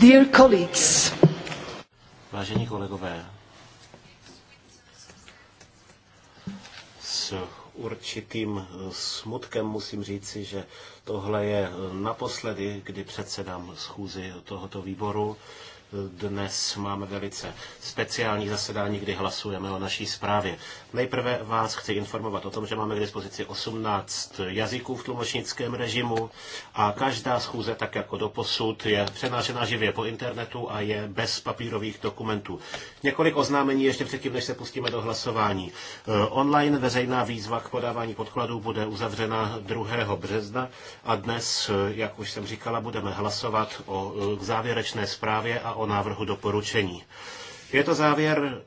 Dear colleagues. Vážení kolegové, s určitým eh, smutkem musím říci, že tohle je eh, naposledy, kdy předsedám schůzi tohoto výboru. Dnes máme velice speciální zasedání, kdy hlasujeme o naší zprávě. Nejprve vás chci informovat o tom, že máme k dispozici 18 jazyků v tlumočnickém režimu a každá schůze, tak jako doposud, je přenášena živě po internetu a je bez papírových dokumentů. Několik oznámení ještě předtím, než se pustíme do hlasování. Eh, online veřejná výzva k podávání podkladů bude uzavřena 2. března a dnes, eh, jak už jsem říkala, budeme hlasovat o eh, závěrečné zprávě a o o návrhu doporučení. Je to závěr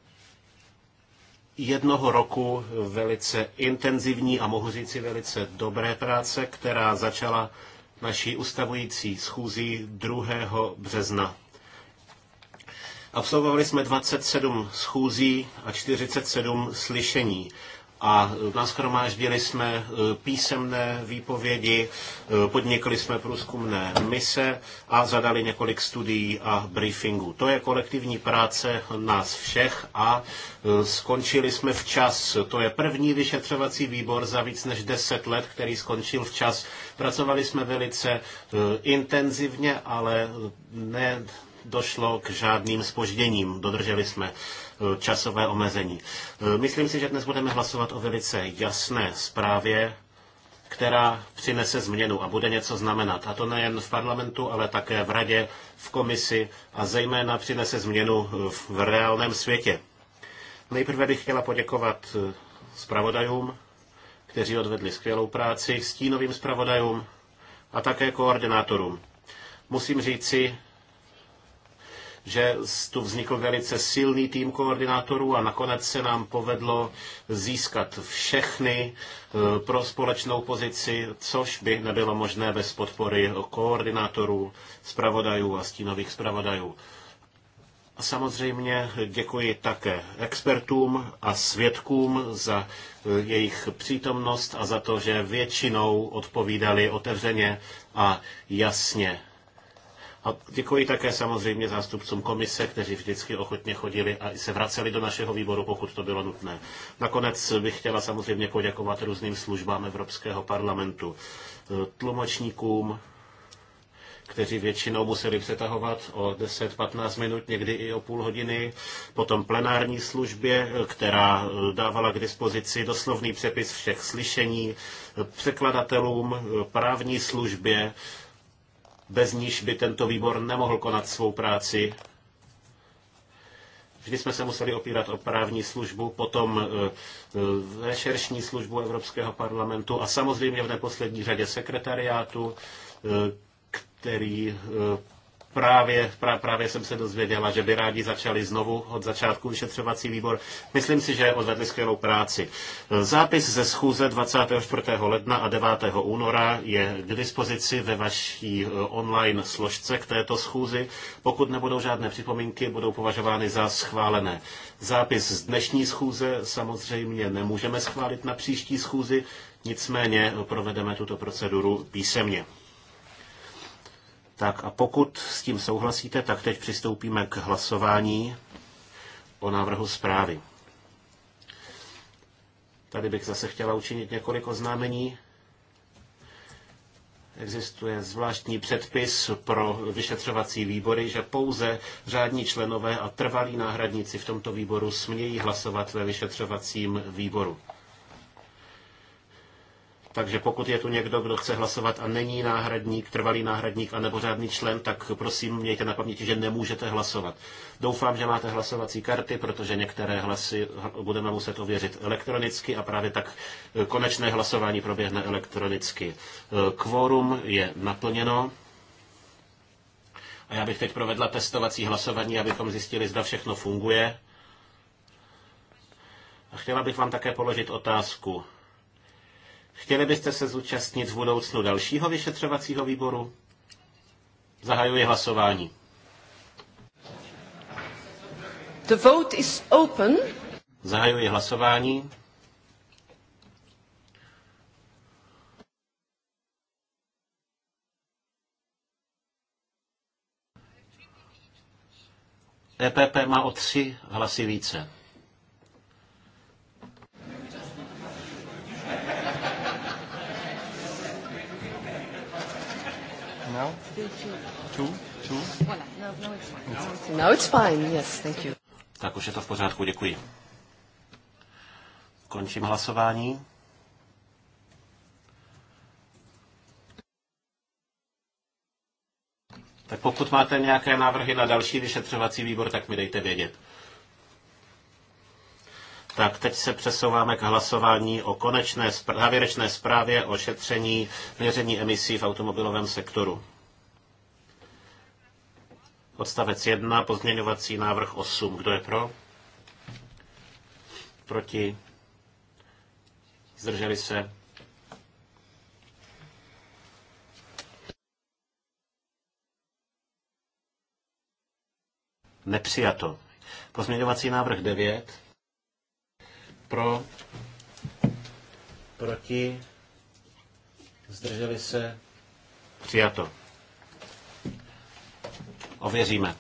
jednoho roku velice intenzivní a mohu říci velice dobré práce, která začala naší ustavující schůzí 2. března. Absolvovali jsme 27 schůzí a 47 slyšení a nashromáždili jsme e, písemné výpovědi, e, podnikli jsme průzkumné mise a zadali několik studií a briefingů. To je kolektivní práce nás všech a e, skončili jsme včas. To je první vyšetřovací výbor za víc než 10 let, který skončil včas. Pracovali jsme velice intenzivně, ale ne došlo k žádným spožděním. Dodrželi jsme Eh, časové omezení. Eh, myslím si, že dnes budeme hlasovat o velice jasné zprávě, která přinese změnu a bude něco znamenat. A to nejen v parlamentu, ale také v radě, v komisi a zejména přinese změnu eh, v reálném světě. Nejprve bych chtěla poděkovat zpravodajům, kteří odvedli skvělou práci, stínovým zpravodajům a také koordinátorům. Musím říci, že tu vznikl velice silný tým koordinátorů a nakonec se nám povedlo získat všechny eh, pro společnou pozici, což by nebylo možné bez podpory koordinátorů, zpravodajů a stínových zpravodajů. Samozřejmě děkuji také expertům a svědkům za eh, jejich přítomnost a za to, že většinou odpovídali otevřeně a jasně. A děkuji také samozřejmě zástupcům komise, kteří vždycky ochotně chodili a se vraceli do našeho výboru, pokud to bylo nutné. Nakonec bych chtěla samozřejmě poděkovat různým službám Evropského parlamentu, eh, tlumočníkům, kteří většinou museli přetahovat o 10-15 minut, někdy i o půl hodiny, potom plenární službě, eh, která eh, dávala k dispozici doslovný přepis všech slyšení, překladatelům, právní službě, bez níž by tento výbor nemohl konat svou práci. Vždy jsme se museli opírat o právní službu, potom e, e, rešeršní službu Evropského parlamentu a samozřejmě v neposlední řadě sekretariátu, e, který právě, pra, právě jsem se dozvěděla, že by rádi začali znovu od začátku vyšetřovací výbor. Myslím si, že odvedli skvělou práci. Zápis ze schůze 24. ledna a 9. února je k dispozici ve vaší eh, online složce k této schůzi. Pokud nebudou žádné připomínky, budou považovány za schválené. Zápis z dnešní schůze samozřejmě nemůžeme schválit na příští schůzi, nicméně provedeme tuto proceduru písemně. Tak a pokud s tím souhlasíte, tak teď přistoupíme k hlasování o návrhu zprávy. Tady bych zase chtěla učinit několik oznámení. Existuje zvláštní předpis pro vyšetřovací výbory, že pouze řádní členové a trvalí náhradníci v tomto výboru smějí hlasovat ve vyšetřovacím výboru. Takže pokud je tu někdo, kdo chce hlasovat a není náhradník, trvalý náhradník a nebo řádný člen, tak prosím mějte na paměti, že nemůžete hlasovat. Doufám, že máte hlasovací karty, protože některé hlasy budeme muset ověřit elektronicky a právě tak eh, konečné hlasování proběhne elektronicky. Eh, kvórum je naplněno. A já bych teď provedla testovací hlasování, abychom zjistili, zda všechno funguje. A chtěla bych vám také položit otázku. Chtěli byste se zúčastnit v budoucnu dalšího vyšetřovacího výboru? Zahajuji hlasování. The vote is open. Zahajuji hlasování. EPP má o tři hlasy více. now? Two? Two? Now it's fine, yes, thank you. Tak už je to v pořádku, děkuji. Končím hlasování. Tak pokud máte nějaké návrhy na další vyšetřovací výbor, tak mi dejte vědět. Tak teď se přesouváme k hlasování o konečné závěrečné zprávě o šetření měření emisí v automobilovém sektoru. Odstavec 1, pozměňovací návrh 8. Kdo je pro? Proti? Zdrželi se? Nepřijato. Pozměňovací návrh 9 pro, proti, zdrželi se, přijato. Ověříme.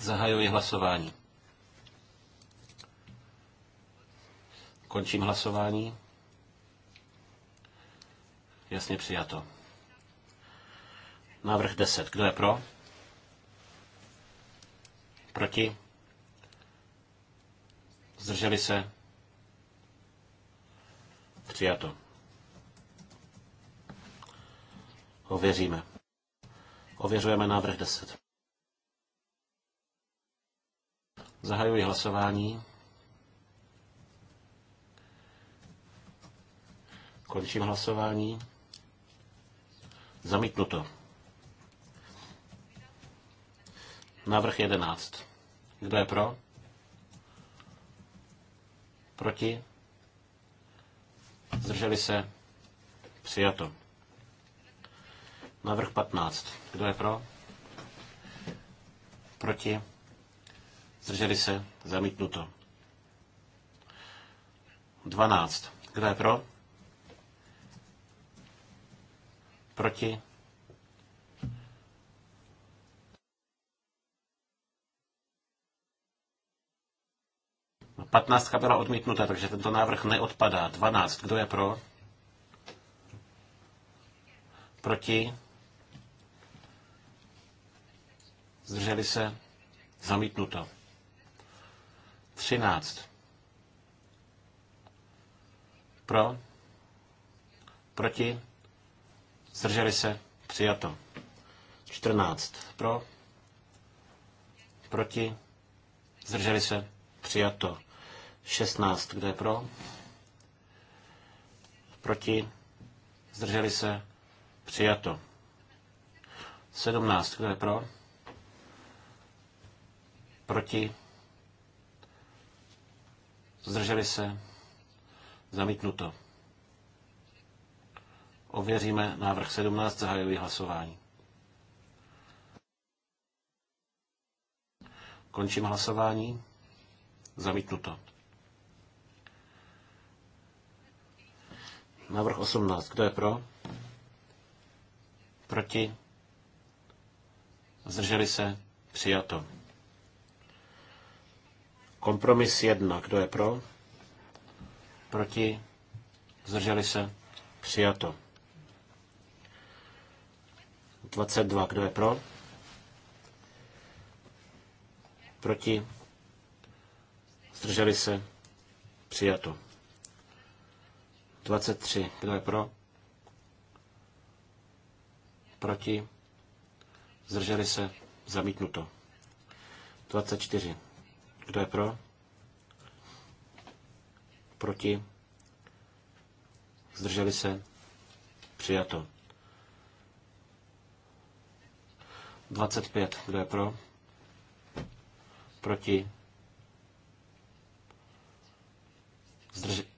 Zahajuji hlasování. Končím hlasování. Jasně přijato. Návrh 10. Kdo je pro? Proti? Zdrželi se? Přijato. Ověříme. Ověřujeme návrh 10. Zahajuji hlasování. Končím hlasování. Zamítnuto. Návrh 11. Kdo je pro? Proti? Zdrželi se? Přijato. Navrh 15. Kdo je pro? Proti? Zdrželi se? Zamítnuto. 12. Kdo je pro? Proti? 15 byla odmítnuta, takže tento návrh neodpadá. 12. Kdo je pro? Proti? Zdrželi se? Zamítnuto. 13. Pro? Proti? Zdrželi se? Přijato. 14. Pro? Proti? Zdrželi se? Přijato. 16. Kdo je pro? Proti? Zdrželi se? Přijato. 17. Kdo je pro? Proti? Zdrželi se? Zamítnuto. Ověříme návrh 17, zahajuji hlasování. Končím hlasování. Zamítnuto. Návrh 18. Kdo je pro? Proti? Zdrželi se? Přijato. Kompromis 1. Kdo je pro? Proti? Zdrželi se? Přijato. 22. Kdo je pro? Proti? Zdrželi se? Přijato. 23. Kdo je pro? Proti? Zdrželi se? Zamítnuto. 24. Kdo je pro? Proti? Zdrželi se? Přijato. 25. Kdo je pro? Proti? Zdrželi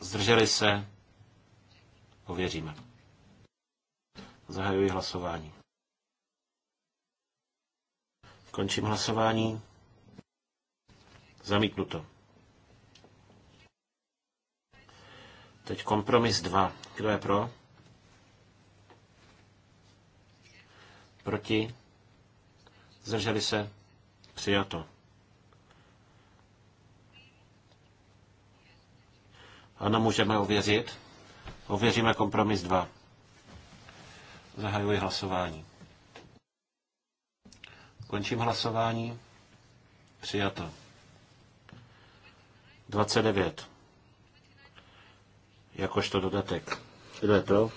Zdrželi se? Ověříme. Zahajuji hlasování. Končím hlasování. Zamítnuto. Teď kompromis 2. Kdo je pro? Proti? Zdrželi se? Přijato. Ano, můžeme ověřit. Ověříme kompromis 2. Zahajuji hlasování. Končím hlasování. Přijato. 29. Jakožto dodatek. Kdo je pro?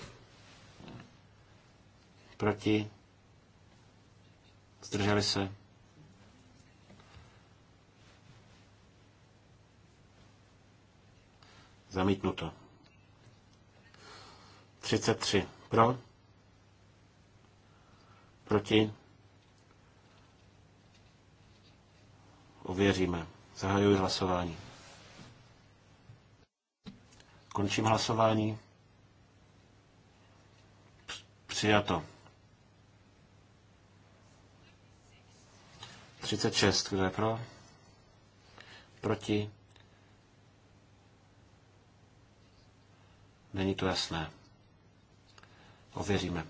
Proti? Zdrželi se? Zamítnuto. 33. Pro? Proti? Ověříme. Zahajuji hlasování. Končím hlasování. Přijato. 36. Kdo je pro? Proti? Není to jasné. Ověříme.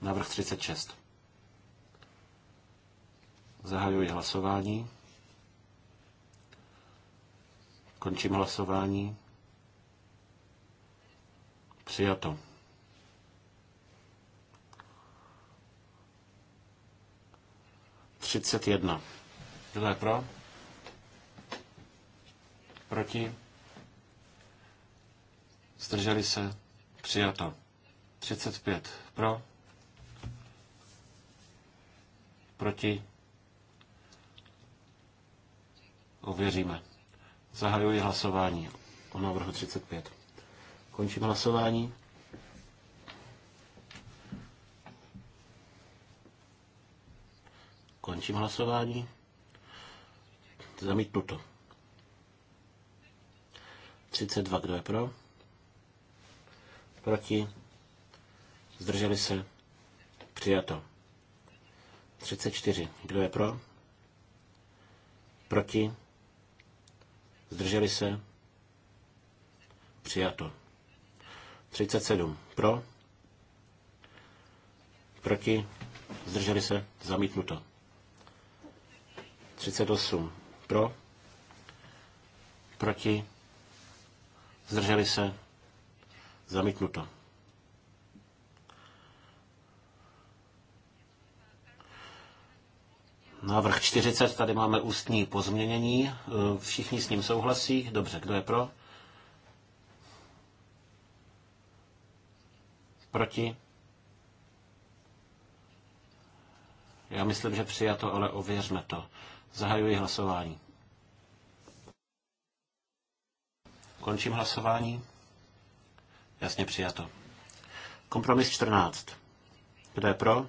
Návrh 36. Zahajuji hlasování. Končím hlasování. Přijato. Třicet jedna. Kdo je pro? Proti? Zdrželi se? Přijato. 35 pro. Proti. Ověříme. Zahajuji hlasování o návrhu 35. Končím hlasování. Končím hlasování. Zamítnuto. 32, kdo je pro? Proti? Zdrželi se? Přijato. 34. Kdo je pro? Proti? Zdrželi se? Přijato. 37. Pro? Proti? Zdrželi se? Zamítnuto. 38. Pro? Proti? Zdrželi se? Zamítnuto. Návrh 40, tady máme ústní pozměnění. E, všichni s ním souhlasí. Dobře, kdo je pro? Proti? Já myslím, že přijato, ale ověřme to. Zahajuji hlasování. Končím hlasování. Jasně přijato. Kompromis 14. Kdo je pro?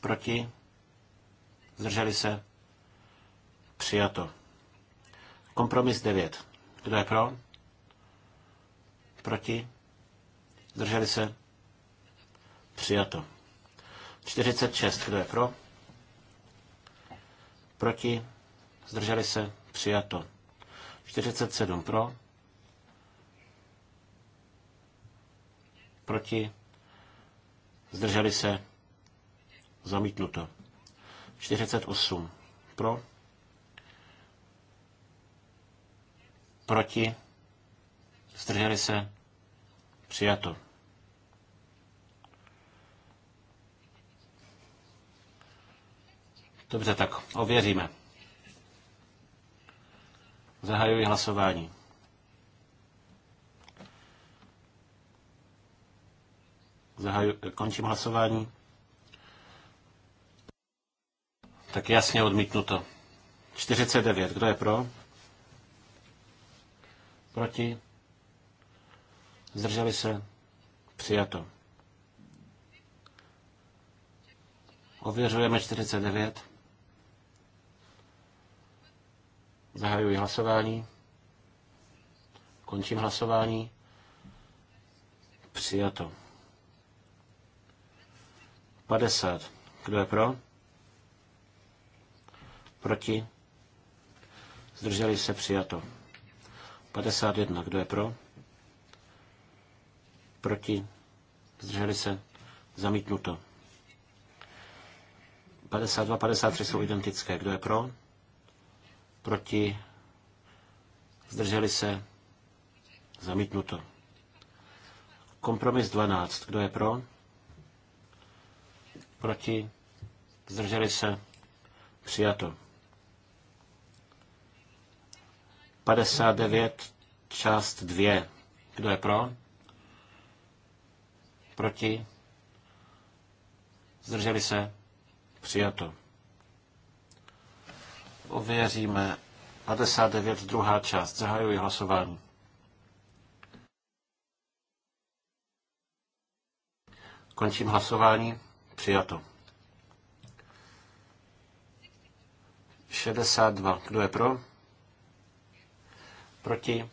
Proti? Zdrželi se? Přijato. Kompromis 9. Kdo je pro? Proti? Zdrželi se? Přijato. 46. Kdo je pro? Proti? Zdrželi se? Přijato. 47 pro. Proti? Zdrželi se? Zamítnuto. 48. Pro? Proti? Zdrželi se? Přijato. Dobře, tak ověříme. Zahajuji hlasování. Zahaju, končím hlasování. Tak jasně odmítnuto. 49. Kdo je pro? Proti? Zdrželi se? Přijato. Ověřujeme 49. Zahajuji hlasování. Končím hlasování. Přijato. 50. Kdo je pro? Proti? Zdrželi se přijato. 51. Kdo je pro? Proti? Zdrželi se? Zamítnuto. 52, 53 jsou identické. Kdo je pro? Proti? Zdrželi se? Zamítnuto. Kompromis 12. Kdo je pro? Proti? Zdrželi se? Přijato. 59, část 2. Kdo je pro? Proti? Zdrželi se? Přijato. Ověříme 59, druhá část. Zahajuji hlasování. Končím hlasování. Přijato. 62. Kdo je pro? Proti?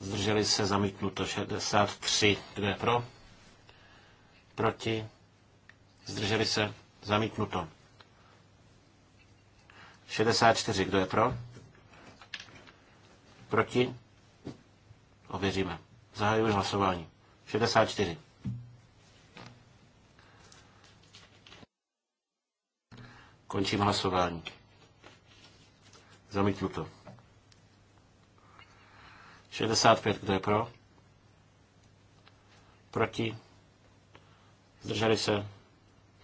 Zdrželi se zamítnuto. 63. Kdo je pro? Proti? Zdrželi se zamítnuto. 64. Kdo je pro? Proti? Ověříme. Zahajuji hlasování. 64. Končím hlasování. Zamítnuto. 65, kdo je pro? Proti? Zdrželi se?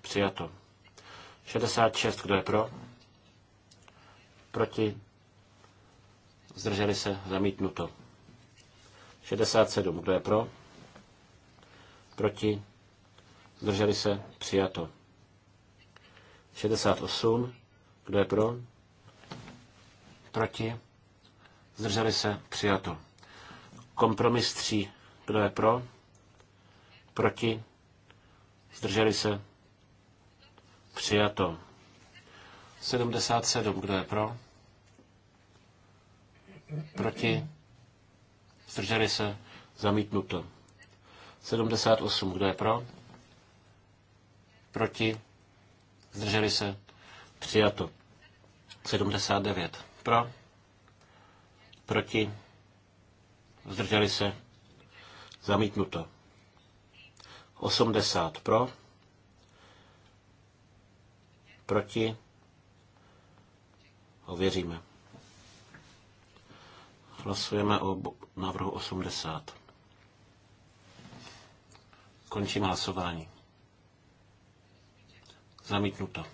Přijato. 66, kdo je pro? Proti? Zdrželi se? Zamítnuto. 67, kdo je pro? Proti? Zdrželi se? Přijato. 68. Kdo je pro? Proti? Zdrželi se? Přijato. Kompromis 3. Kdo je pro? Proti? Zdrželi se? Přijato. 77. Kdo je pro? Proti? Zdrželi se? Zamítnuto. 78. Kdo je pro? Proti? zdrželi se, přijato. 79 pro, proti, zdrželi se, zamítnuto. 80 pro, proti, ověříme. Hlasujeme o návrhu 80. Končím hlasování. Zamítnuto.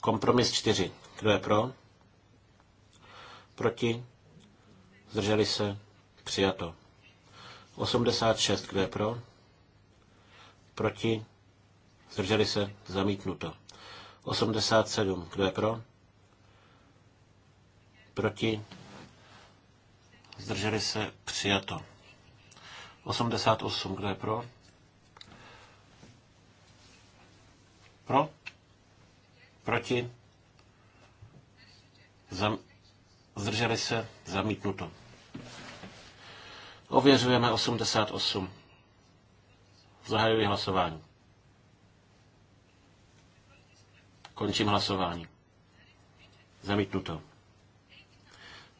Kompromis 4. Kdo je pro? Proti? Zdrželi se? Přijato. 86. Kdo je pro? Proti? Zdrželi se? Zamítnuto. 87. Kdo je pro? Proti? Zdrželi se? Přijato. 88. Kdo je pro? Pro? Proti? Zam... Zdrželi se? Zamítnuto. Ověřujeme 88. Zahajuji hlasování. Končím hlasování. Zamítnuto.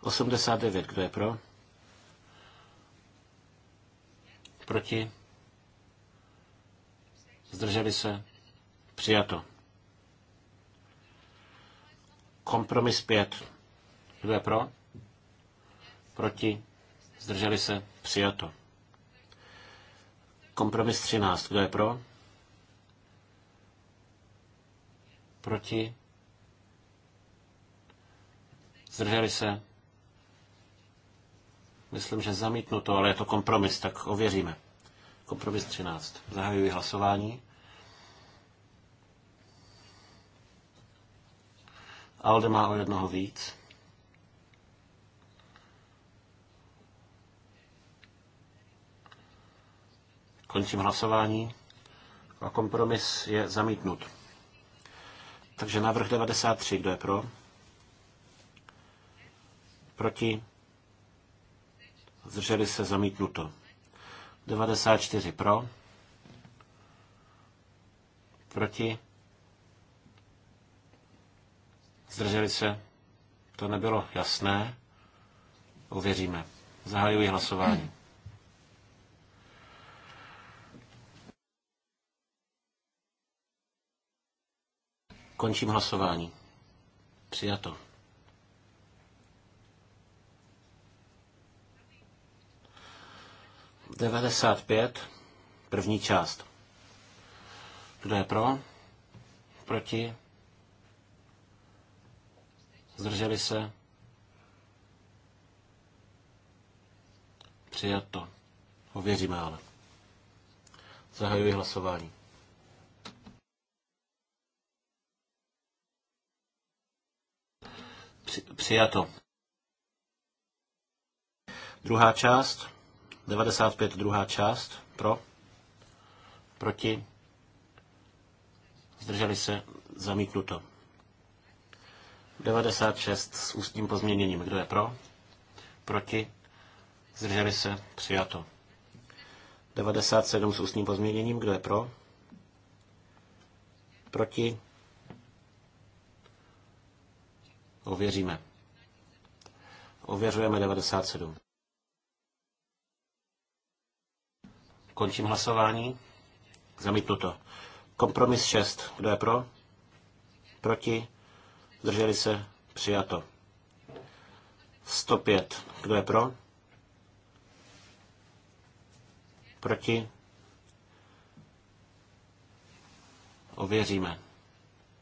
89. Kdo je pro? Proti? Zdrželi se? Přijato. Kompromis 5. Kdo je pro? Proti? Zdrželi se? Přijato. Kompromis 13. Kdo je pro? Proti? Zdrželi se? Myslím, že zamítnu to, ale je to kompromis, tak ověříme. Kompromis 13. Zahajuji hlasování. Alde má o jednoho víc. Končím hlasování a kompromis je zamítnut. Takže návrh 93, kdo je pro? Proti? Zdrželi se zamítnuto. 94 pro? Proti? Zdrželi se? To nebylo jasné. Uvěříme. Zahajuji hlasování. Končím hlasování. Přijato. Devadesát pět, první část. Kdo je pro? Proti? Zdrželi se? Přijato. Ověříme ale. Zahajuji hlasování. přijato. Druhá část. 95. Druhá část. Pro. Proti. Zdrželi se. Zamítnuto. 96 s ústním pozměněním. Kdo je pro? Proti? Zdrželi se? Přijato. 97 s ústním pozměněním. Kdo je pro? Proti? Ověříme. Ověřujeme 97. Končím hlasování. Zamítnuto. Kompromis 6. Kdo je pro? Proti? Zdrželi se? Přijato. 105. Kdo je pro? Proti? Ověříme.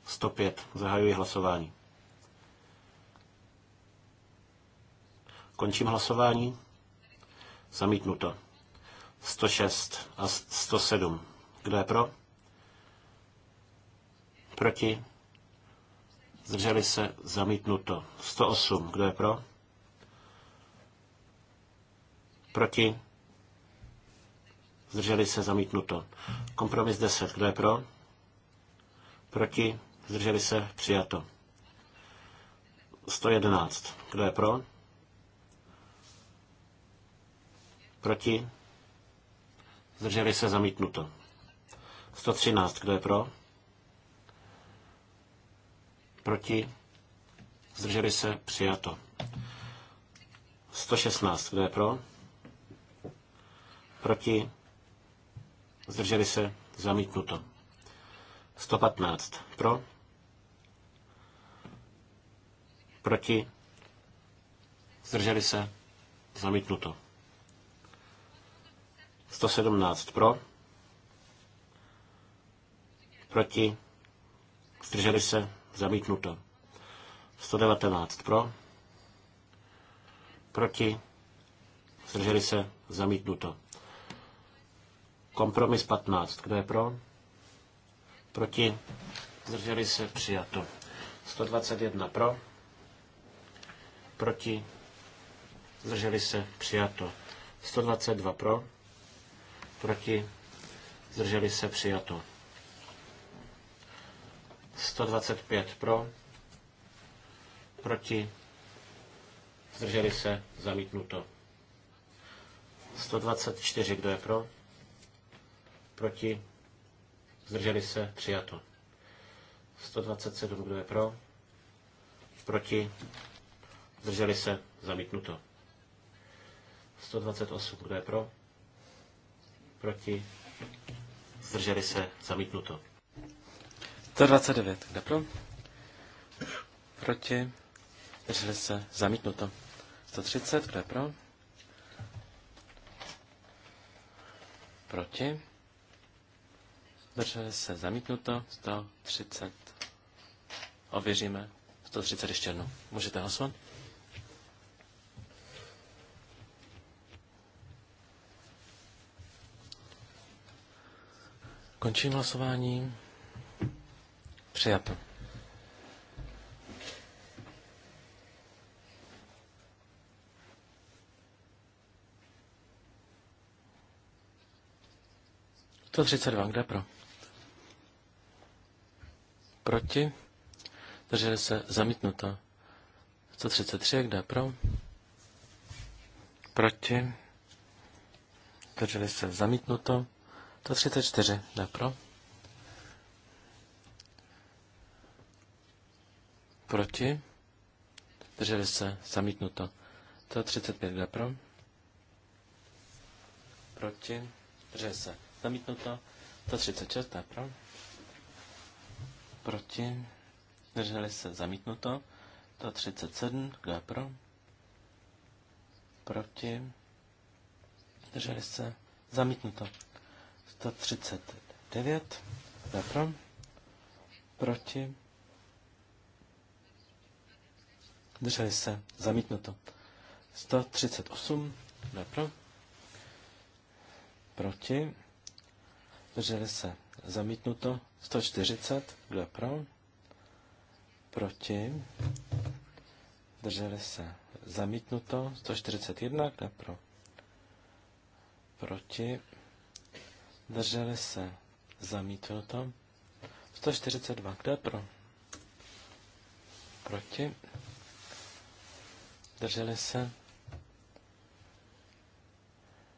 105. Zahajuji hlasování. Končím hlasování. Zamítnuto. 106 a 107. Kdo je pro? Proti? Zdrželi se zamítnuto. 108. Kdo je pro? Proti? Zdrželi se zamítnuto. Kompromis 10. Kdo je pro? Proti? Zdrželi se přijato. 111. Kdo je pro? Proti? Zdrželi se zamítnuto. 113. Kdo je pro? Proti? Zdrželi se? Přijato. 116. Kdo je pro? Proti? Zdrželi se? Zamítnuto. 115. Pro? Proti? Zdrželi se? Zamítnuto. 117 pro. Proti? Zdrželi se? Zamítnuto. 119 pro. Proti. Zdrželi se. Zamítnuto. Kompromis 15. Kdo je pro? Proti. Zdrželi se. Přijato. 121 pro. Proti. Zdrželi se. Přijato. 122 pro. Proti. Zdrželi se. Přijato. 125 pro, proti, zdrželi se, zamítnuto. 124, kdo je pro, proti, zdrželi se, přijato. 127, kdo je pro, proti, zdrželi se, zamítnuto. 128, kdo je pro, proti, zdrželi se, zamítnuto. 129. Kde pro? Proti. Drželi se. Zamítnuto. 130. Kde pro? Proti. Drželi se. Zamítnuto. 130. Ověříme. 130 ještě jednou. Můžete hlasovat? Končím hlasování. Přijato. To 32, kde pro? Proti? Drželi se zamítnuto. 133, kde pro? Proti? Drželi se zamítnuto. 134, kde pro? Proti? Drželi se. Zamítnuto. 135. Kdo pro? Proti? Drželi se. Zamítnuto. 136. Kdo pro? Proti? Drželi se. Zamítnuto. 137. Kdo pro? Proti? Drželi se. Zamítnuto. 139. Kdo pro? Proti? Drželi se. Zamítnuto. 138. Ne pro? Proti. Drželi se. Zamítnuto. 140. Kdo je pro? Proti. Drželi se. Zamítnuto. 141. Kdo je pro? Proti. Drželi se. Zamítnuto. 142. Kdo je pro? Proti zdrželi se.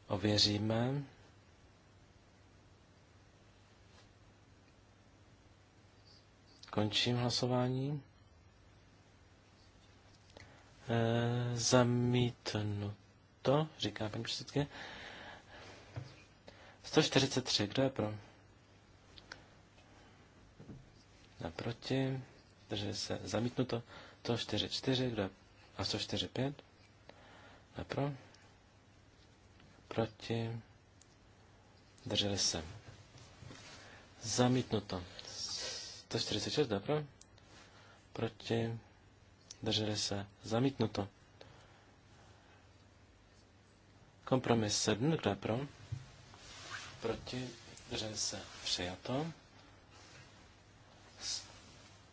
Ověříme. Končím hlasování. E, zamítnuto, říká paní předsedkyně. 143, kdo je pro? Naproti, drží se zamítnuto. 144, kdo je a co 145 ne pro, proti, drželi se. Zamítnuto. 146 ne pro, proti, drželi se. Zamítnuto. Kompromis 7, kdo pro? Proti, drželi se. Přijato.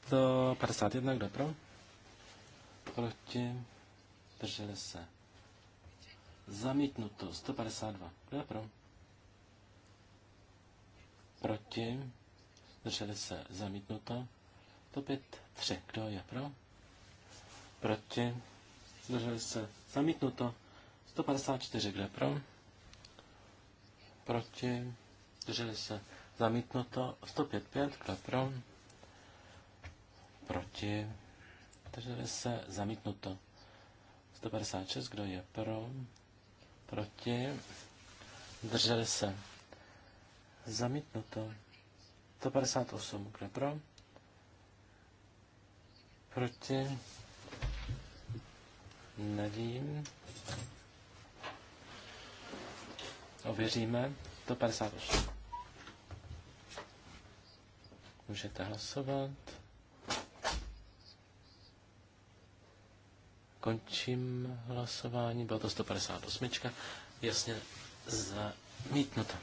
151, kdo pro? proti, drželi se. Zamítnuto 152. Kdo je pro? Proti, drželi se. Zamítnuto tři, Kdo je pro? Proti, drželi se. Zamítnuto 154. Kdo je pro? Proti, drželi se. Zamítnuto 155. Kdo je pro? Proti, takže tady se, zamítnuto. 156, kdo je pro, proti, drželi se, zamítnuto. 158, kdo je pro, proti, nevím, ověříme, 158. Můžete hlasovat. Končím hlasování. Bylo to 158. Jasně zamítnuto.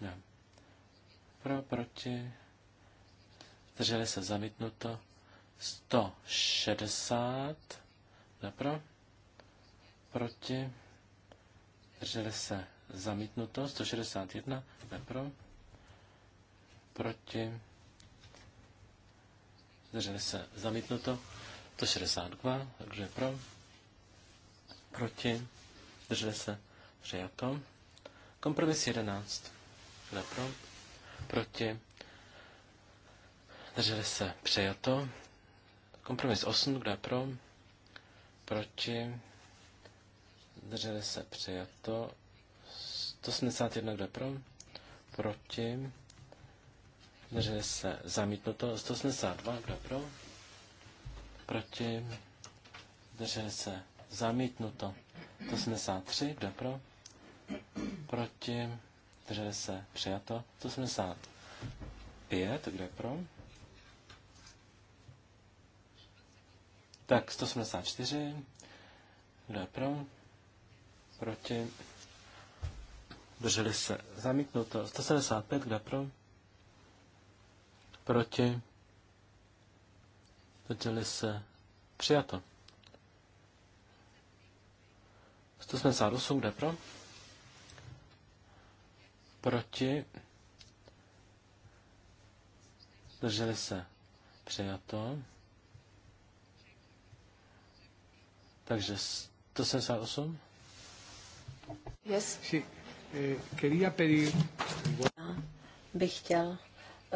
Ne. Pro, proti. Drželi se zamítnuto. 160. Ne pro. Proti. Drželi se zamítnuto. 161. Ne pro. Proti. Drželi se zamítnuto. 162, kdo je pro? Proti? Drželi se? Přijato. Kompromis 11, kdo pro? Proti? Drželi se? Přijato. Kompromis 8, kdo je pro? Proti? Drželi se? Přijato. 171, kdo je pro? Proti? Drželi se? Zamítnuto. 182, kdo je pro? proti, zdrželi se zamítnuto. 173, kdo pro, proti, zdrželi se přijato. 175, kdo pro. Tak 184. kdo je pro, proti, Drželi se zamítnuto. 175, kdo pro, proti, Zdrželi se. Přijato. 178 jde pro. Proti. Drželi se. Přijato. Takže 178. Yes. Sí. Eh, quería pedir... Bych chtěl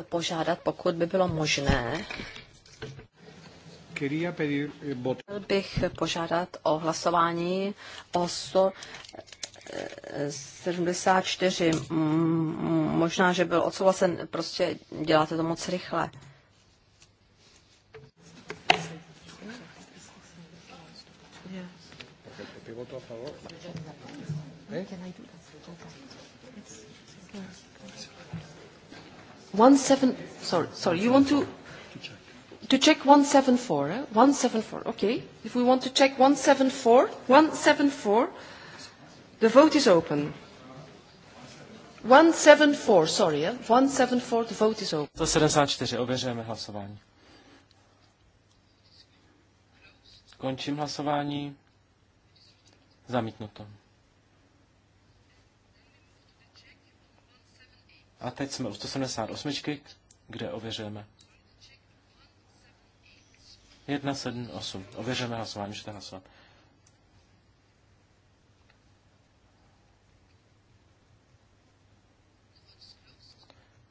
požádat, pokud by bylo možné, Eh, Chtěl bych požádat o hlasování o 174. Eh, možná, že byl odsouhlasen, prostě děláte to moc rychle. One seven. sorry sorry you want to to check 174, eh? 174, okay. If we want to check 174, 174, the vote is open. 174, sorry, eh? 174, the vote is open. 174, ověřujeme hlasování. Končím hlasování. Zamítnuto. A teď jsme u 178, kde ověřujeme. 1, 7, 8. Ověřeme hlasování, můžete hlasovat.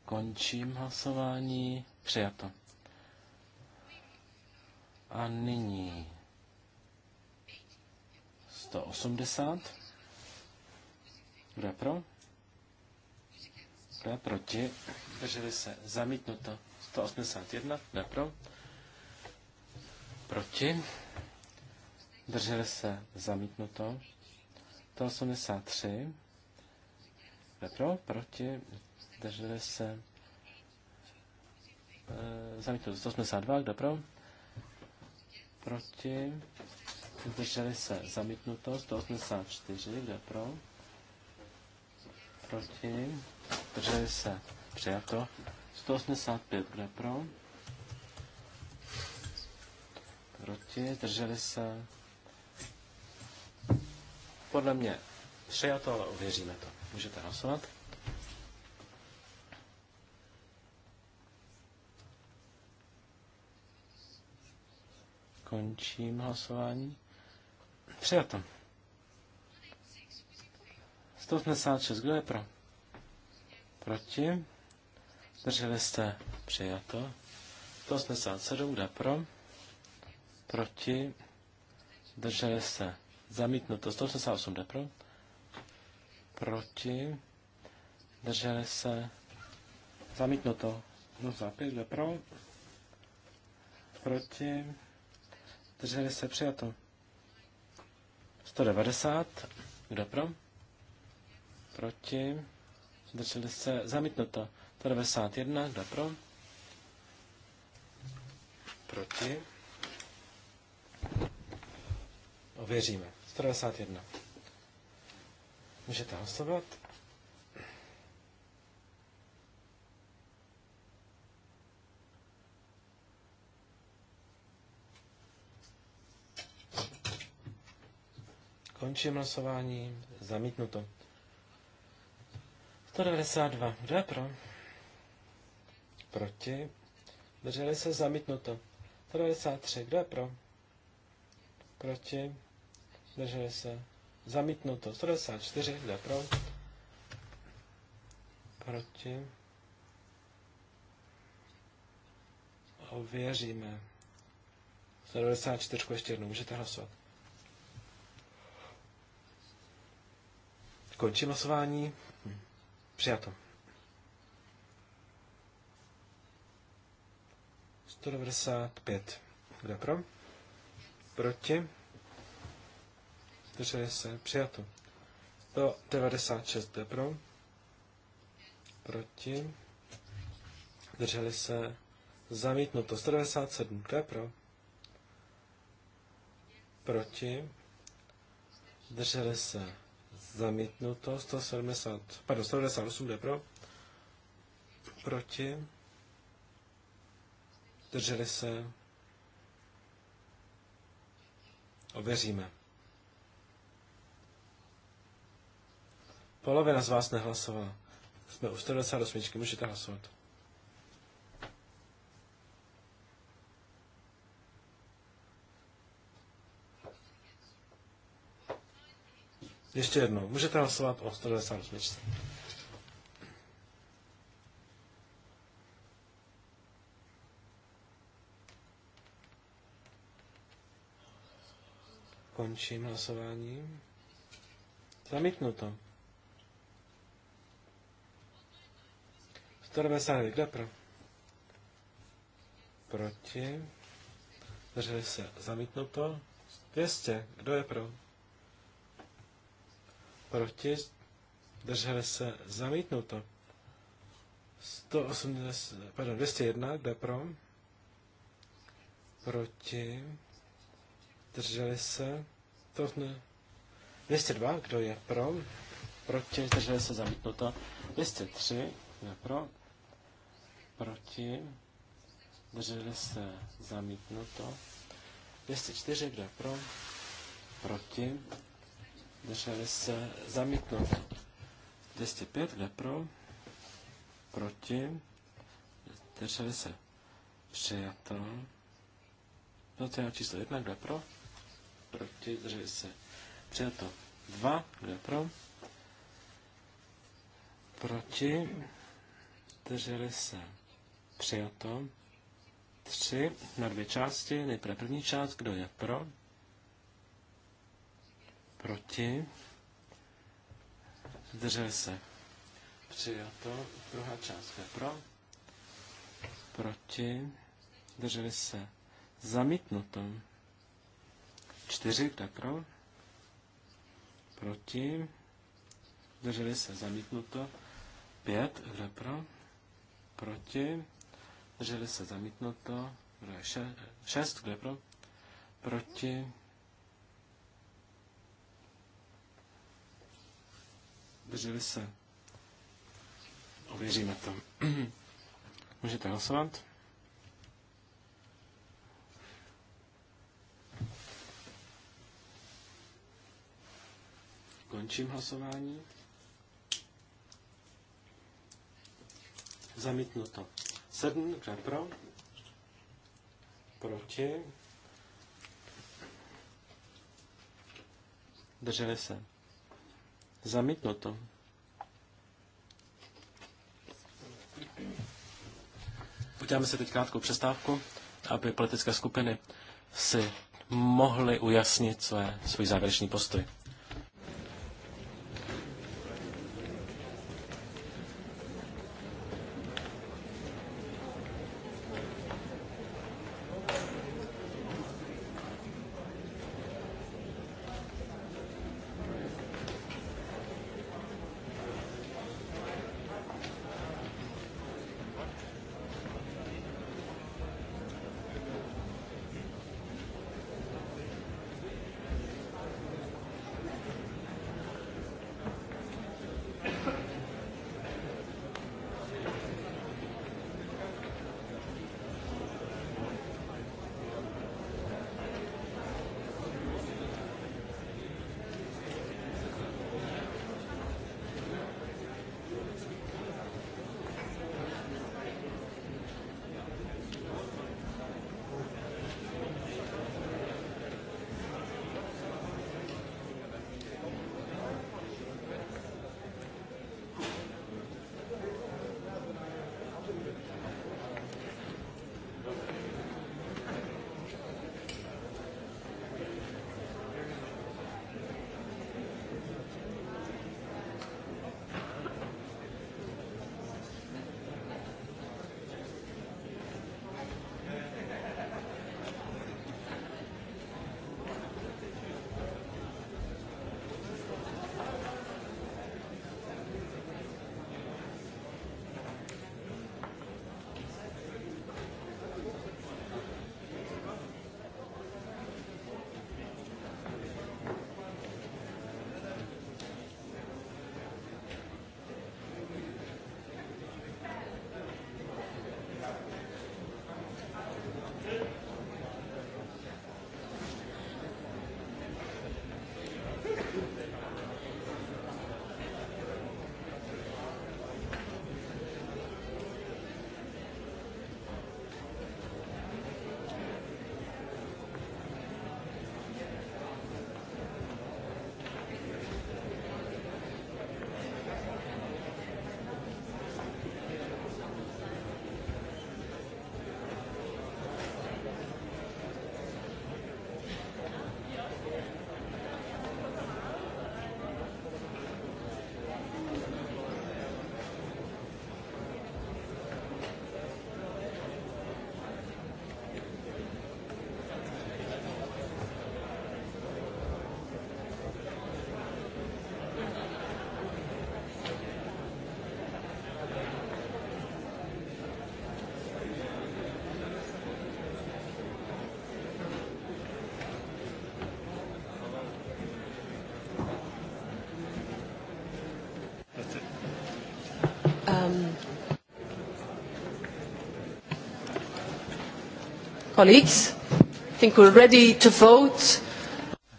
Končím hlasování. Přijato. A nyní 180. Kdo je pro? Kdo je proti? Drželi se. Zamítnuto. 181. Kdo je pro? Proti? Drželi se zamítnuto. 183. Kde pro? Proti? Drželi se e, zamítnuto. 182. kdo pro? Proti? Drželi se zamítnuto. 184. kdo pro? Proti? Drželi se přijato. 185. kdo pro? proti, drželi se. Podle mě přijato, ale uvěříme to. Můžete hlasovat. Končím hlasování. Přijato. 186. Kdo je pro? Proti. Drželi jste přijato. 187. Kdo pro? proti, drželi se, zamítnuto, 188 jde pro, proti, drželi se, zamítnuto, 05 jde pro, proti, drželi se, přijato, 190, kdo pro, proti, drželi se, zamítnuto, 191, kdo pro, proti, Ověříme. 191. Můžete hlasovat. Končím hlasování. Zamítnuto. 192. Kdo je pro? Proti. Drželi se zamítnuto. 193. Kdo je pro? proti, zdrželi se, zamítnuto. 194, jde pro, proti, ověříme. 194 ještě jednou, můžete hlasovat. Končím hlasování. Hm, přijato. 195. Kdo pro? Proti? zdrželi se, přijato. 196 jde pro, proti, Drželi se, zamítnuto. 197 jde pro, proti, Drželi se, zamítnuto. 170, pardon, 198 jde pro, proti, Drželi se, ověříme. Polovina z vás nehlasovala. Jsme u 128, můžete hlasovat. Ještě jednou, můžete hlasovat o 198. Končím hlasování. Zamítnuto. to. 199, kde pro? Proti. Zdrželi se. Zamítnuto. 200, kdo je pro? Proti. Zdrželi se. Zamítnuto. 180, pardon, 201, kdo je pro? Proti. Zdrželi se. To ne. 202, kdo je pro? Proti, zdrželi se zamítnuto. 203, kdo je pro? proti, drželi se zamítnuto, 204, kdo pro, proti, drželi se zamítnuto, 205, kdo pro, proti, drželi se přijato, no to je číslo 1, kdo pro, proti, drželi se přijato, 2, kdo pro, proti, drželi se Přijato. Tři na dvě části. Nejprve první část, kdo je pro. Proti. Zdržel se. Přijato. Druhá část, kdo je pro. Proti. Zdrželi se. Zamítnuto. Čtyři, kdo je pro. Proti. Zdrželi se. Zamítnuto. Pět, kdo je pro. Proti Drželi se zamítnuto. Kdo je še, šest? Kdo je pro? Proti. Drželi se. Ověříme to. Můžete hlasovat. Končím hlasování. Zamítnuto. 7, kdo je pro? Proti? Drželi se. to. Uděláme si teď krátkou přestávku, aby politické skupiny si mohly ujasnit své, svůj závěrečný postoj.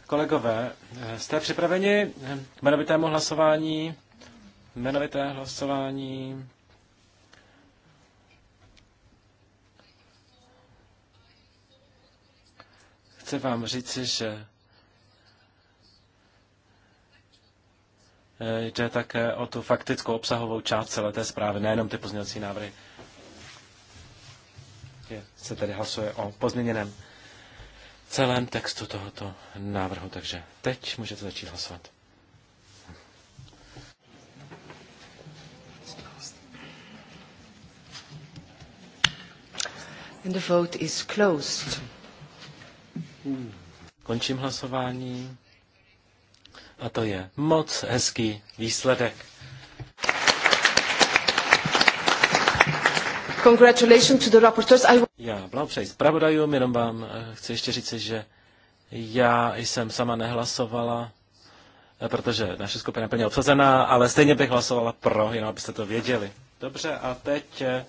Kolegové, jste připraveni k jmenovitému hlasování? Jmenovité hlasování. Chci vám říci, že jde také o tu faktickou obsahovou část celé té zprávy, nejenom ty pozměňovací návrhy je, se tedy hlasuje o pozměněném celém textu tohoto návrhu. Takže teď můžete začít hlasovat. And the vote is closed. Končím hlasování. A to je moc hezký výsledek. Congratulations to the rapporteurs. I... Já blahopřeji zpravodajům, jenom vám eh, chci ještě říct, že já jsem sama nehlasovala, eh, protože naše skupina je plně obsazená, ale stejně bych hlasovala pro, jenom abyste to věděli. Dobře, a teď eh,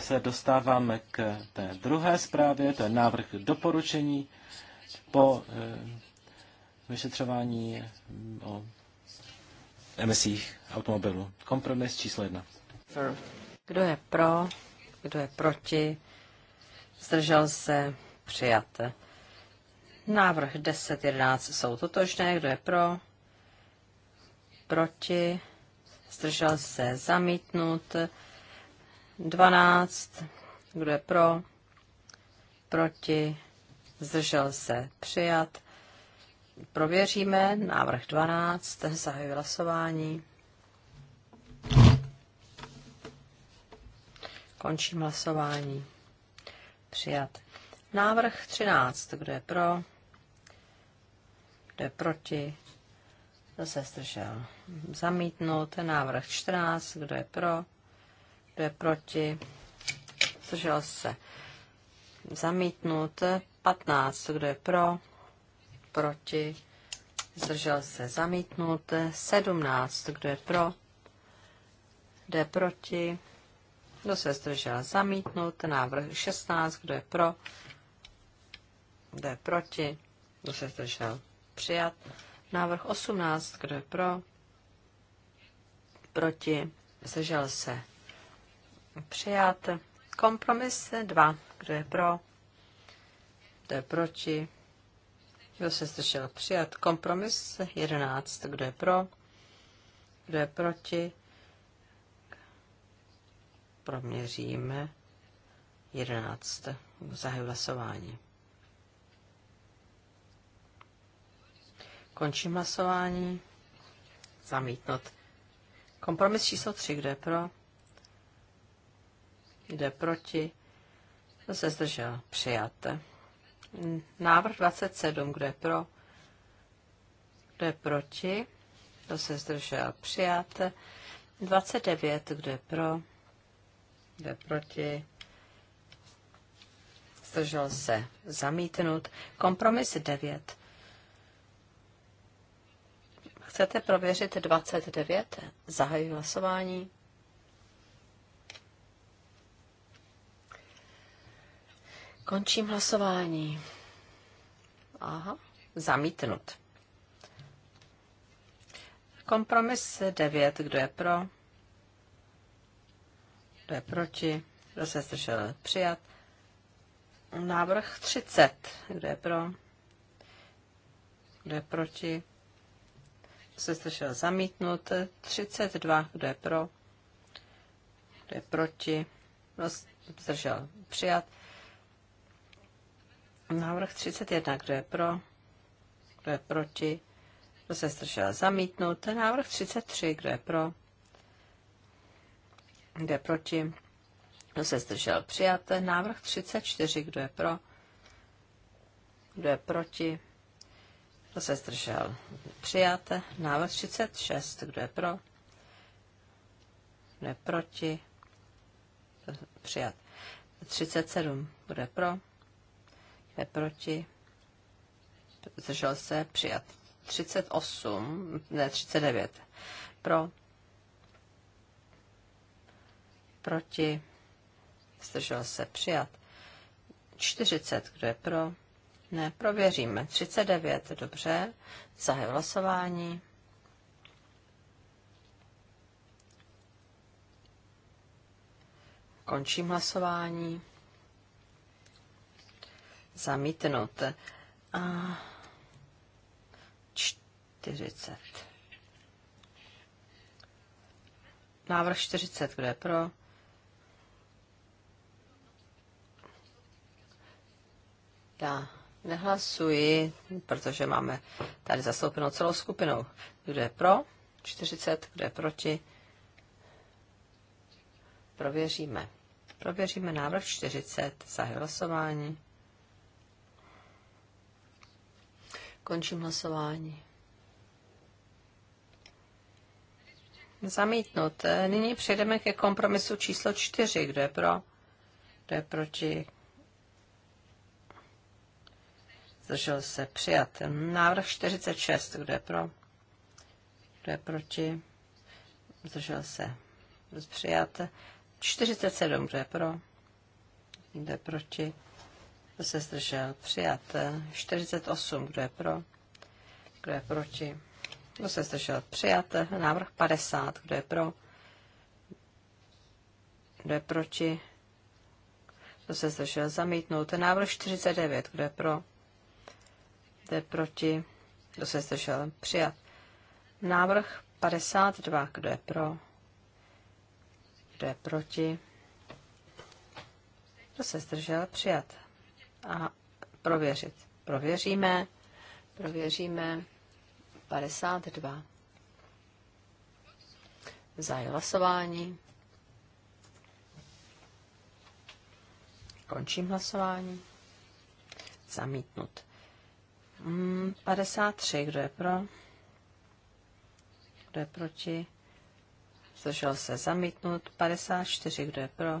se dostáváme k té druhé zprávě, to je návrh doporučení po vyšetřování mm, o emisích automobilů. Kompromis číslo jedna. Kdo je pro? Kdo je proti? Zdržel se? Přijat. Návrh 10, 11 jsou totožné. Kdo je pro? Proti? Zdržel se? Zamítnut. 12. Kdo je pro? Proti? Zdržel se? Přijat. Prověříme. Návrh 12. Zahajuji hlasování. Končím hlasování. Přijat. Návrh 13. Kdo je pro? Kdo je proti? Zase se zdržel? Zamítnout. Návrh 14. Kdo je pro? Kdo je proti? Zdržel se. Zamítnout. 15. Kdo je pro? Proti? Zdržel se. Zamítnout. 17. Kdo je pro? Kdo je proti? Kdo se zdržel? zamítnout? Návrh 16. Kdo je pro? Kdo je proti? Kdo se zdržel? Přijat. Návrh 18. Kdo je pro? Proti? Zdržel se? Přijat. Kompromis 2. Kdo je pro? Kdo je proti? Kdo se zdržel? Přijat. Kompromis 11. Kdo je pro? Kdo je proti? proměříme 11. Zahajuji hlasování. Končím hlasování. Zamítnout. Kompromis číslo 3, kde je pro? je proti? Kdo se zdržel? Přijate. Návrh 27, kde je pro? Kdo je proti? Kdo se zdržel? Přijate. 29, kdo je pro? jde proti? Zdržel se. Zamítnut. Kompromis 9. Chcete prověřit 29? Zahajuji hlasování. Končím hlasování. Aha, zamítnut. Kompromis 9, kdo je pro? Kdo je proti? Kdo se zdržel? Přijat. Návrh 30. Kdo je pro? Kdo je proti? Kdo se zdržel? Zamítnut. 32. Kdo je pro? Kdo je proti? Kdo se zdržel? Přijat. Návrh 31. Kdo je pro? Kdo je proti? Kdo se zdržel? Zamítnut. Návrh 33. Kdo je pro? Kde proti? Kdo se zdržel? Přijat. Návrh 34. Kdo je pro? Kdo je proti? Kdo se zdržel? Přijat. Návrh 36. Kdo je pro? Kdo je proti? Přijat. 37. Kdo je pro? Kdo je proti? Zdržel se? Přijat. 38, ne 39. Pro, proti, zdržel se přijat. 40, kdo je pro, ne, prověříme. 39, dobře, zahaj hlasování. Končím hlasování. Zamítnout. A 40. Návrh 40, kdo je pro? Já nehlasuji, protože máme tady zastoupenou celou skupinou. Kdo je pro? 40. Kdo je proti? Prověříme. Prověříme návrh 40. za hlasování. Končím hlasování. Zamítnut. Nyní přejdeme ke kompromisu číslo 4. Kdo je pro? Kdo je proti? zdržel se přijat. Návrh 46, kdo je pro, kdo je proti, zdržel se přijat. 47, kdo je pro, kdo je proti, kdo se zdržel přijat. 48, kdo je pro, kdo je proti, kdo se zdržel přijat. Návrh 50, kdo je pro, kdo je proti, kdo se zdržel zamítnout. Návrh 49, kdo je pro, kdo je proti? Kdo se zdržel? Přijat. Návrh 52. Kdo je pro? Kdo je proti? Kdo se zdržel? Přijat. A prověřit. Prověříme. Prověříme. 52. Zahájil hlasování. Končím hlasování. Zamítnut. 53, mm, kdo je pro? Kdo je proti? Zdržel se zamítnut. 54, kdo je pro?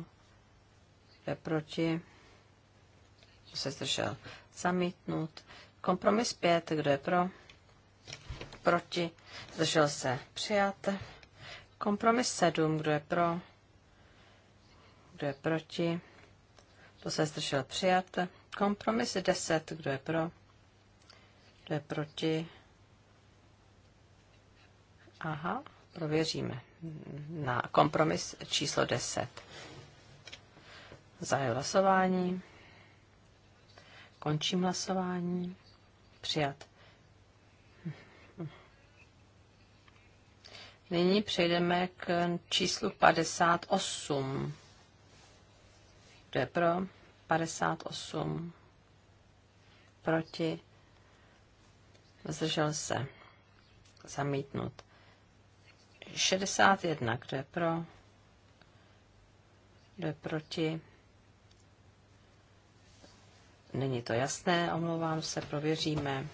Kdo je proti? Kdo se zdržel zamítnut. Kompromis 5, kdo je pro? Proti? Zdržel se přijat. Kompromis 7, kdo je pro? Kdo je proti? Kdo se zdržel přijat? Kompromis 10, kdo je pro? To je proti? Aha, prověříme. Na kompromis číslo 10. Zajel hlasování. Končím hlasování. Přijat. Nyní přejdeme k číslu 58. Kdo je pro? 58. Proti? zdržel se, zamítnut. 61, kdo je pro, kdo je proti, není to jasné, omlouvám se, prověříme.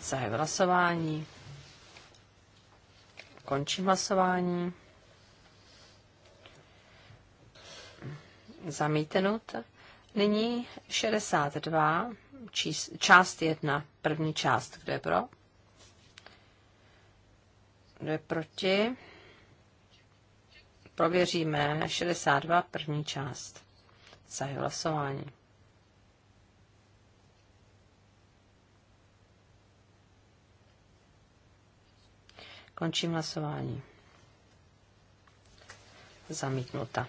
Zahajuji hlasování. Končím hlasování. Zamítnut. Nyní 62 čís, část jedna, první část. Kdo je pro? Kdo je proti? Prověříme 62, první část. Zahy hlasování. Končím hlasování. Zamítnuta.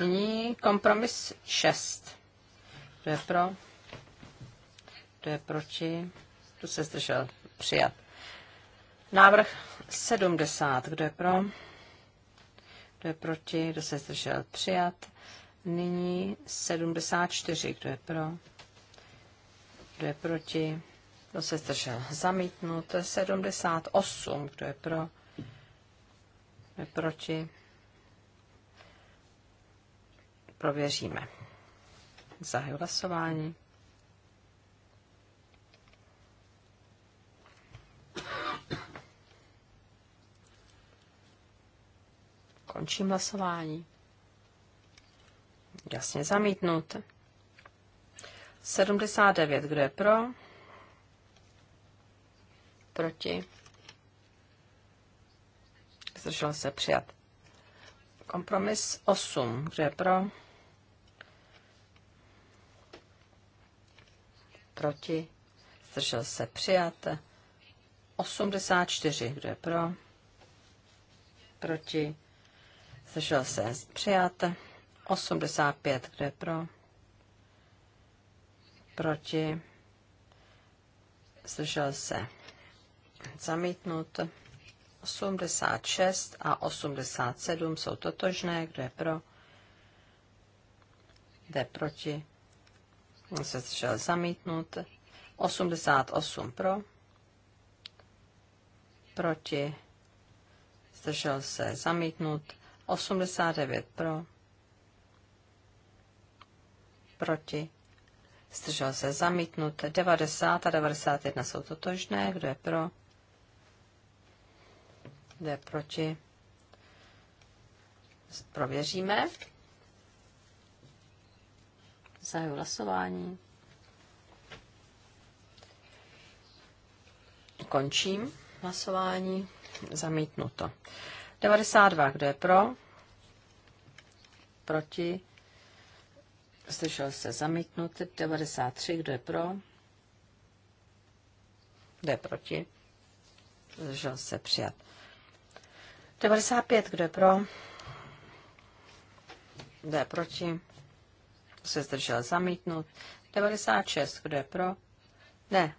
Nyní kompromis 6. To je pro? To je proti? Tu se zdržel? Přijat. Návrh 70. Kdo je pro? Kdo je proti? Kdo se zdržel? Přijat. Nyní 74. Kdo je pro? Kdo je proti? Kdo se zdržel? Zamítnut. 78. Kdo je pro? Kdo je proti? Prověříme. Zahajuji hlasování. Končím hlasování. Jasně zamítnut. 79, kdo je pro? Proti? Zdržel se přijat. Kompromis 8, kdo je pro? proti, zdržel se přijat. 84, kdo je pro, proti, zdržel se přijat. 85, kdo je pro, proti, zdržel se zamítnut. 86 a 87 jsou totožné, kdo je pro, jde proti, se šel zamítnout. 88 pro, proti, zdržel se zamítnut, 89 pro, proti, zdržel se zamítnut, 90 a 91 jsou totožné, kdo je pro, kdo je proti, prověříme. Zahajuji hlasování. Končím hlasování. Zamítnuto. 92. Kdo je pro? Proti? Slyšel se zamítnut. 93. Kdo je pro? Kdo je proti? Slyšel se přijat. 95. Kdo je pro? Kdo je proti? kdo se zdržel zamítnout. 96, kdo je pro, ne,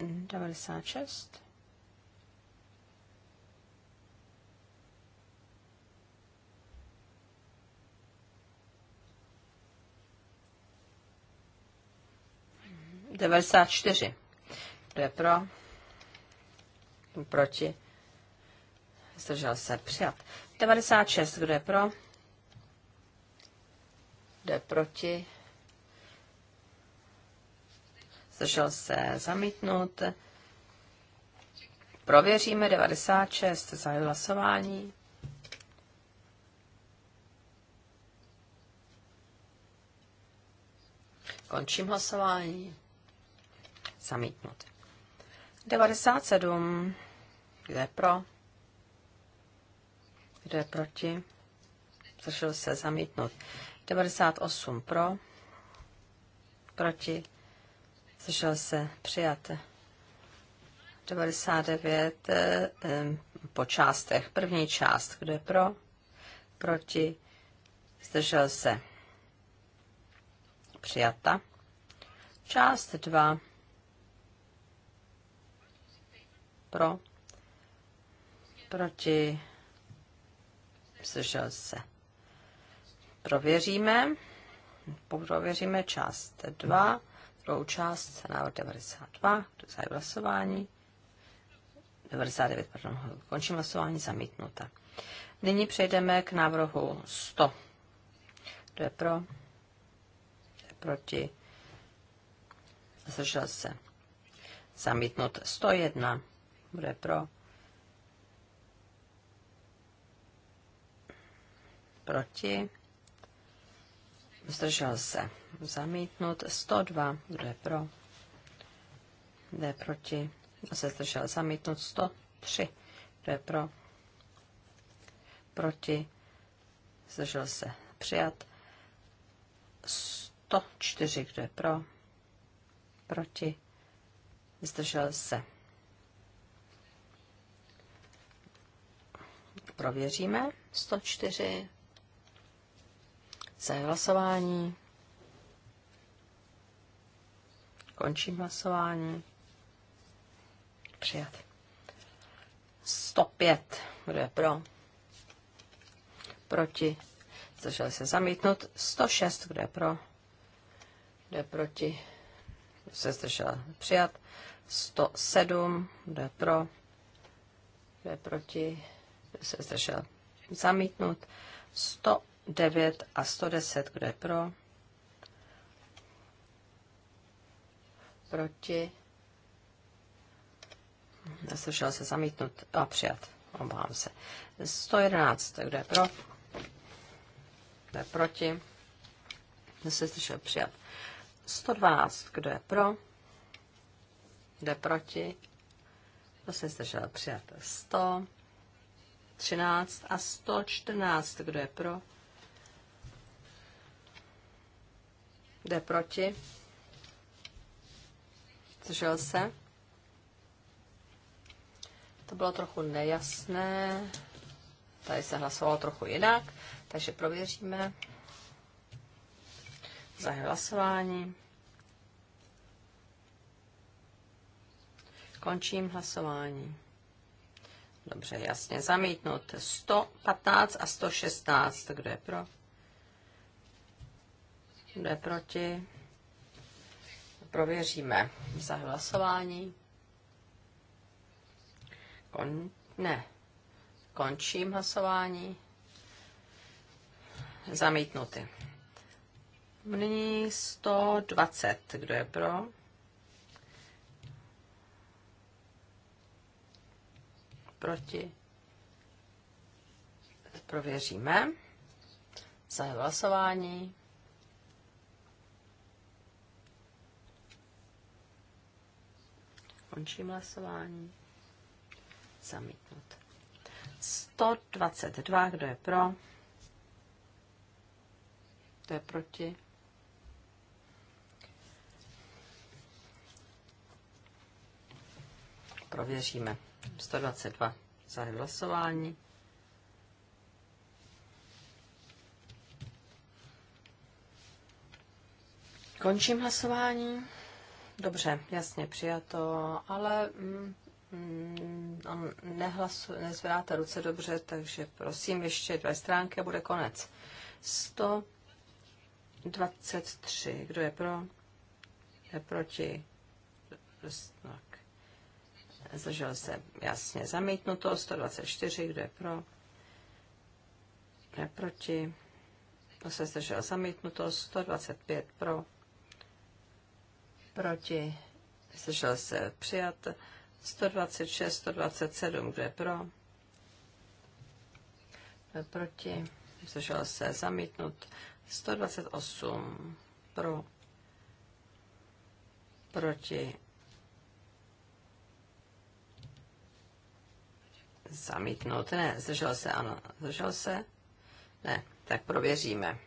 96, Devadesát Kdo je pro? Proti? Zdržel se. Přijat. 96. Kdo je pro? jde proti? Zdržel se zamítnout. Prověříme 96 za hlasování. Končím hlasování. Zamítnut. 97. Kde je pro? Kde je proti? Zdržel se zamítnout. 98 pro, proti, zdržel se, přijat. 99 eh, eh, po částech. První část, kdo je pro, proti, zdržel se, přijata. Část 2 pro, proti, zdržel se prověříme. Prověříme část 2, druhou část, návrh 92, to je hlasování. 99, pardon, končím hlasování, zamítnuta. Nyní přejdeme k návrhu 100. Kdo je pro? Kdo je proti? Zdržel se. Zamítnut 101. Kdo je pro? Proti? zdržel se, zamítnut, 102, kdo je pro, kdo je proti, kdo se zdržel, zamítnut, 103, kdo je pro, proti, zdržel se, přijat, 104, kdo je pro, proti, zdržel se. Prověříme 104. Zahajuji hlasování. Končím hlasování. Přijat. 105. Kdo je pro? Proti. Zdrželi se zamítnout. 106. Kdo je pro? Kdo je proti? Se zdržela přijat. 107. Kdo je pro? Kdo je proti? Kdo se zdržel zamítnout. 108. 9 a 110, kdo je pro? Proti? Neslyšel se zamítnut a přijat, obávám se. 111, kdo je pro? Kdo je proti? Neslyšel přijat? 112, kdo je pro? Kdo je proti? To se zdržel přijat? 113 a 114. Kdo je pro? jde proti, zdržel se. To bylo trochu nejasné, tady se hlasovalo trochu jinak, takže prověříme. za hlasování. Končím hlasování. Dobře, jasně zamítnout 115 a 116, kdo je pro? kdo je proti. Prověříme. Za hlasování. Kon... Ne. Končím hlasování. Zamítnuty. Nyní 120. Kdo je pro? Proti? Prověříme. za hlasování. Končím hlasování. Zamítnut. 122, kdo je pro? Kdo je proti? Prověříme. 122 zahy hlasování. Končím hlasování. Dobře, jasně, přijato, ale mm, mm, on nehlasu, nezvedáte ruce dobře, takže prosím, ještě dvě stránky a bude konec. 123. Kdo je pro? Je proti? Tak. Zdržel se jasně zamítnuto. 124. Kdo je pro? Je proti? To se zdržel zamítnuto? 125 pro proti, Slyšel se přijat 126, 127, kdo je pro, je proti, Slyšel se zamítnut 128, pro, proti, zamítnout, ne, zdržel se, ano, zdržel se, ne, tak prověříme.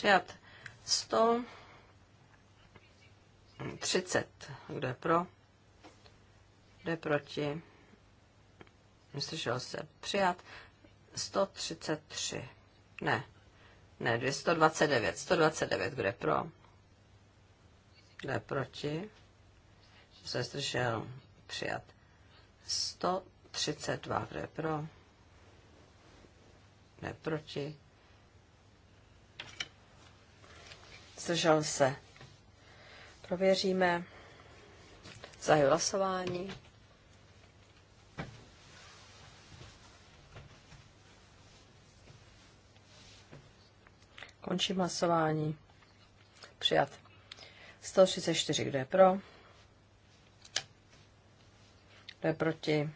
přijat. 130, kdo je pro, kdo je proti, Neslyšel se přijat. 133, ne, ne, 229, 129, kdo je pro, kdo je proti, se zdržel přijat. 132, kdo je pro, ne proti, zdržel se. Prověříme. Zahajuji hlasování. Končím hlasování. Přijat. 134, kdo je pro? Kdo je proti?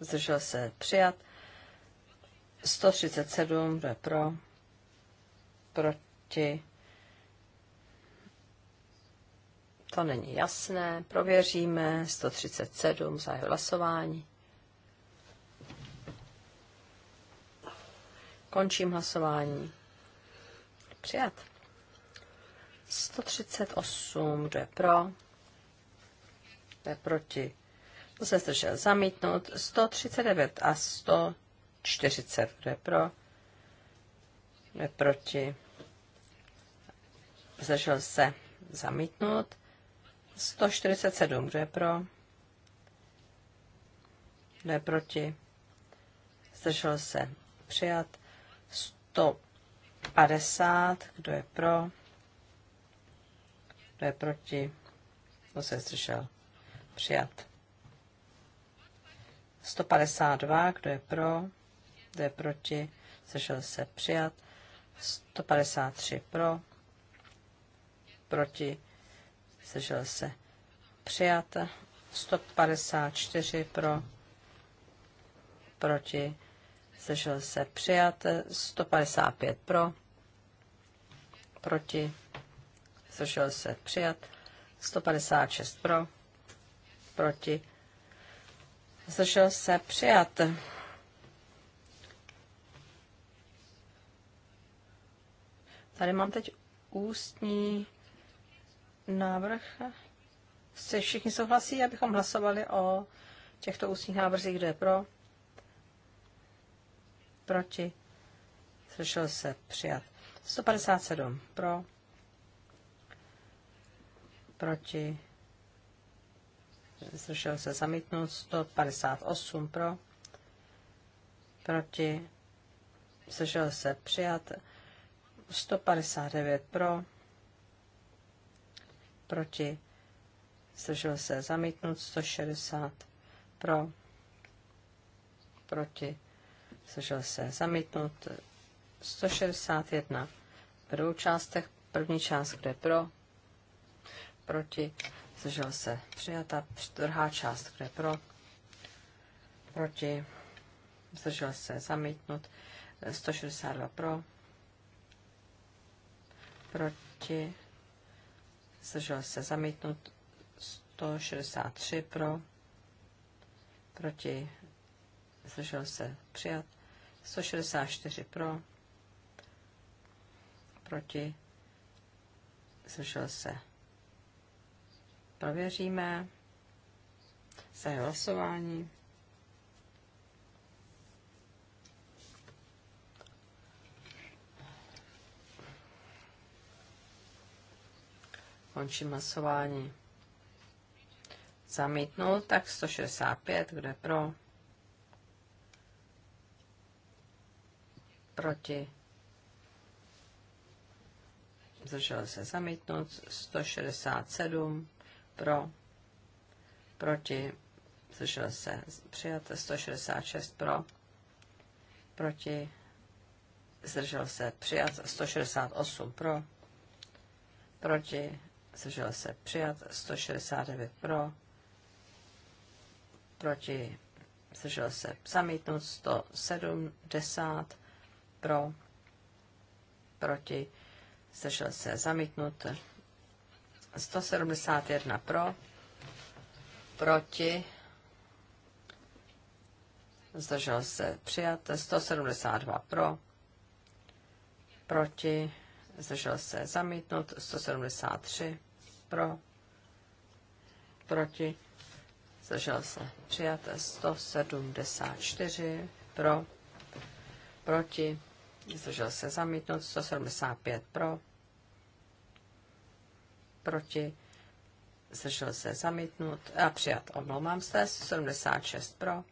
Zdržel se přijat. 137, kdo je pro? Proti? to není jasné. Prověříme 137 za jeho hlasování. Končím hlasování. Přijat. 138, kdo je pro? Kdo je proti? To se zdržel zamítnout? 139 a 140, kdo je pro? Kdo je proti? Zdržel se zamítnout. 147, kdo je pro? Kdo je proti? Zdržel se přijat. 150, kdo je pro? Kdo je proti? Kdo se zdržel? Přijat. 152, kdo je pro? Kdo je proti? Zdržel se přijat. 153 pro, proti, zdržel se přijat. 154 pro, proti, zdržel se přijat. 155 pro, proti, zdržel se přijat. 156 pro, proti, zdržel se přijat. Tady mám teď ústní návrh. Se všichni souhlasí, abychom hlasovali o těchto ústních návrzích, kdo je pro, proti, slyšel se přijat. 157 pro, proti, slyšel se zamítnout, 158 pro, proti, slyšel se přijat, 159 pro, proti, zdržel se zamítnut 160 pro, proti, zdržel se zamítnut 161 v dvou částech, první část, kde pro, proti, zdržel se přijata, druhá část, kde pro, proti, zdržel se zamítnut 162 pro, proti, zdržel se zamítnut 163 pro, proti, zdržel se přijat 164 pro, proti, zdržel se. Prověříme. Zahajuji hlasování. Končím hlasování. Zamítnul, tak 165, kdo je pro? Proti. Zdržel se zamítnout, 167 pro, proti, zdržel se přijat, 166 pro, proti, zdržel se přijat, 168 pro, proti, zdržel se přijat, 169 pro, proti, zdržel se zamítnut, 170 pro, proti, zdržel se zamítnut, 171 pro, proti, zdržel se přijat, 172 pro, proti, zdržel se zamítnut, 173 pro, proti, zdržel se přijat, 174 pro, proti, zdržel se zamítnut, 175 pro, proti, zdržel se zamítnut a přijat, omlouvám se, 176 pro,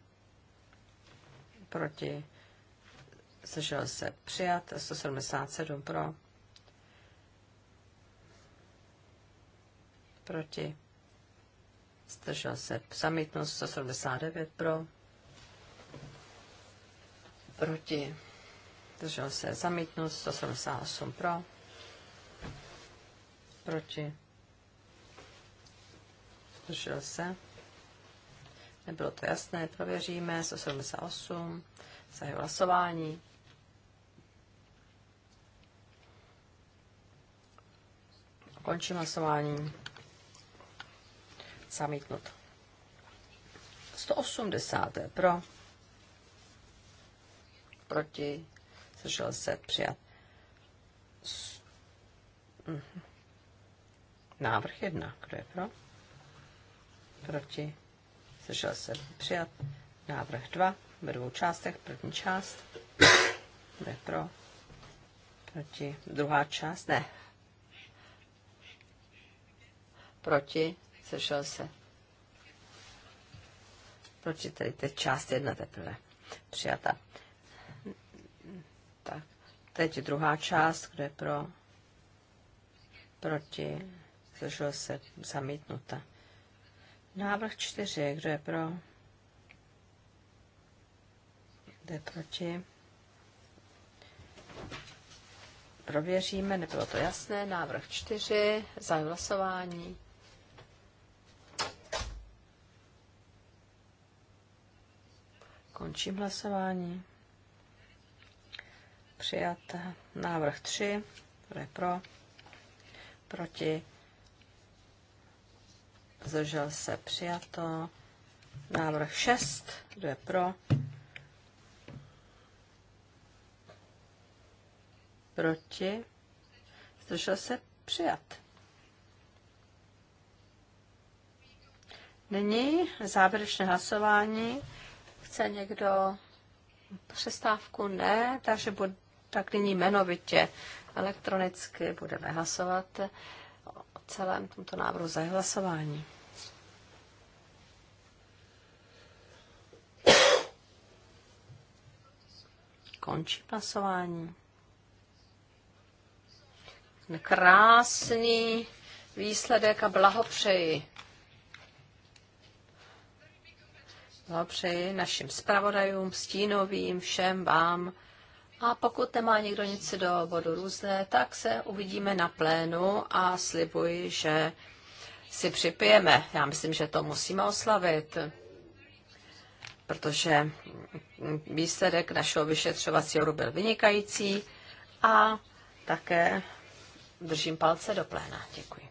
proti, zdržel se přijat, 177 pro, proti, zdržel se zamítnut 179 pro, proti, zdržel se zamítnut 178 pro, proti, zdržel se, nebylo to jasné, prověříme, 178, Zahy hlasování. Končím hlasování. Zamítnut. 180 pro. Proti. Zdržel se. Přijat. Návrh 1. Kdo je pro? Proti. Zdržel se. Přijat. Návrh 2. Ve dvou částech. První část. Kdo je pro? Proti. Druhá část. Ne. Proti zdržel se. Proč je tady teď část jedna teprve přijata? Tak, teď druhá část, kde pro, proti, zdržel se, zamítnuta. Návrh čtyři, kdo je pro, je proti. Prověříme, nebylo to jasné. Návrh čtyři, za hlasování. Končím hlasování. Přijat návrh 3. Kdo je pro? Proti? Zdržel se přijato. Návrh 6. Kdo je pro? Proti? Zdržel se přijat. Nyní závěrečné hlasování. Chce někdo přestávku? Ne, takže bude, tak nyní jmenovitě elektronicky budeme hlasovat o celém tomto návrhu za hlasování. Končí hlasování. Krásný výsledek a blahopřeji Blahopřeji našim zpravodajům, stínovým, všem vám. A pokud nemá někdo nic do bodu různé, tak se uvidíme na plénu a slibuji, že si připijeme. Já myslím, že to musíme oslavit, protože výsledek našeho vyšetřovacího byl vynikající a také držím palce do pléna. Děkuji.